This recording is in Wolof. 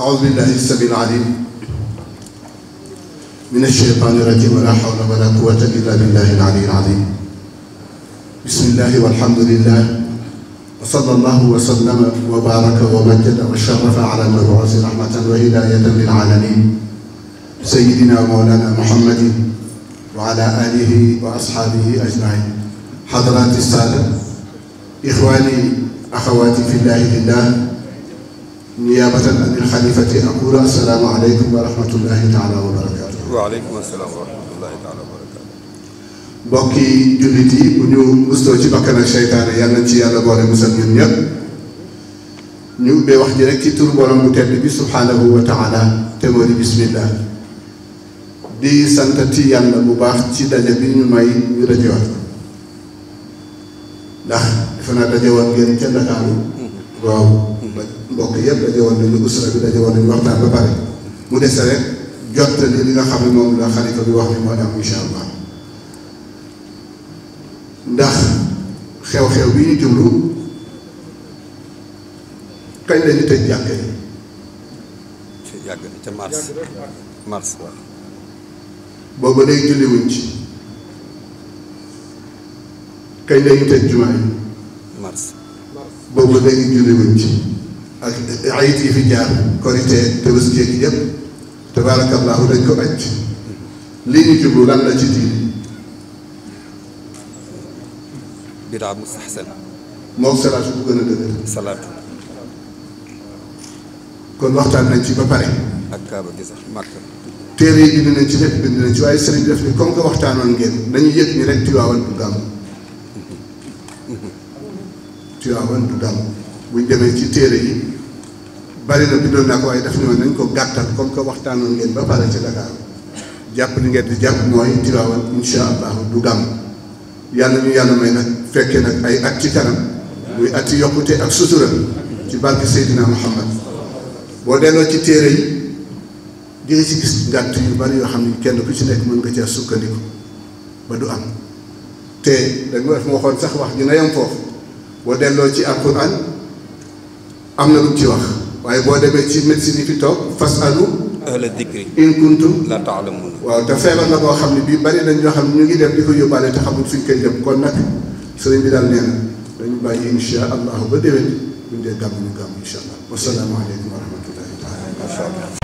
أعوذ بالله السميع العليم من الشيطان الرجيم ولا حول ولا قوة إلا بالله العلي العظيم بسم الله والحمد لله وصلى الله وسلم وبارك ومجد وشرف على المبعوث رحمة وهداية للعالمين سيدنا مولانا محمد وعلى آله وأصحابه أجمعين حضرات السادة إخواني أخواتي في الله لله niyaabatan anil xalifati aqulu assalaamu aleykum wa taala wa barakaatu. waaleykum asalaam wa rahmatullahi taala wa barakaatu. mbokk yi jullit yi bu ñu mustoo ci bakkan ak seytaane yàlla ci yàlla boole musal ñun ñëpp wax ji rek ci turu borom bu tedd te moo di bismillah di santati yàlla bu baax ci daje bi ñu may ñu dajewaat ndax defe naa dajewaat ngeen ca Ndakaaru mm-hmm. waaw. mbokk yëpp daje woon nañu usra bi daje woon nañu waxtaan ba pare mu dese rek jottali li nga xam ne moom la xalifa bi wax ni moo am incha allah ndax xew-xew bi ñu jublu kañ la ñu tëj boobu léegi julli wuñ ci. kañ la ci. ak ayit fi jaar korité tabaski ak yëpp tabaarakallaahu dañ ko aj lii ñu jublu lan la ci diini bidaa mustaxsan moom salaatu bu gën a dëgër kon waxtaan nañ ci ba pare ak kaaba gi sax màkk téere yi bind nañ ci lépp bind nañ ci waaye sëriñ def ni comme waxtaan waxtaanoon ngeen nañu yëg ni rek Tiwaawan du gàmm mhm. Tiwaawan du gàmm buñ demee ci téere yi bari na bindoon naa ko waaye daf ne woon nañ ko gàttal comme que waxtaanoon ngeen ba pare ci Dakar jàpp li ngeen di jàpp mooy Tiwaawan insha allah du gàmm yàlla ñu yàlla may nag fekkee nag ay at ci kanam muy at ci yokkute ak sutura ci barke Seydina Muhammad boo delloo ci téere yi di ci gis ngànt yu bari yoo xam ne kenn ku ci nekk mën nga cee sukkandiku ba du am te dañ ma def moo xoon sax wax dina yem foofu boo delloo ci alquran am na lu ci wax waaye boo demee ci médecine yi fi toog fas alu ahla dikri in kuntum la taalamun waaw te feebar la boo xam ne bii bari nañ ñoo xam ne ñu ngi dem di ko yóbbaale te xamul suñ koy dem kon nag sëriñ bi daal nee na dañu bàyyi insha allahu ba déwén buñ dee gàmm ñu gàmm insha allah wasalaamualeykum wa rahmatullahi taala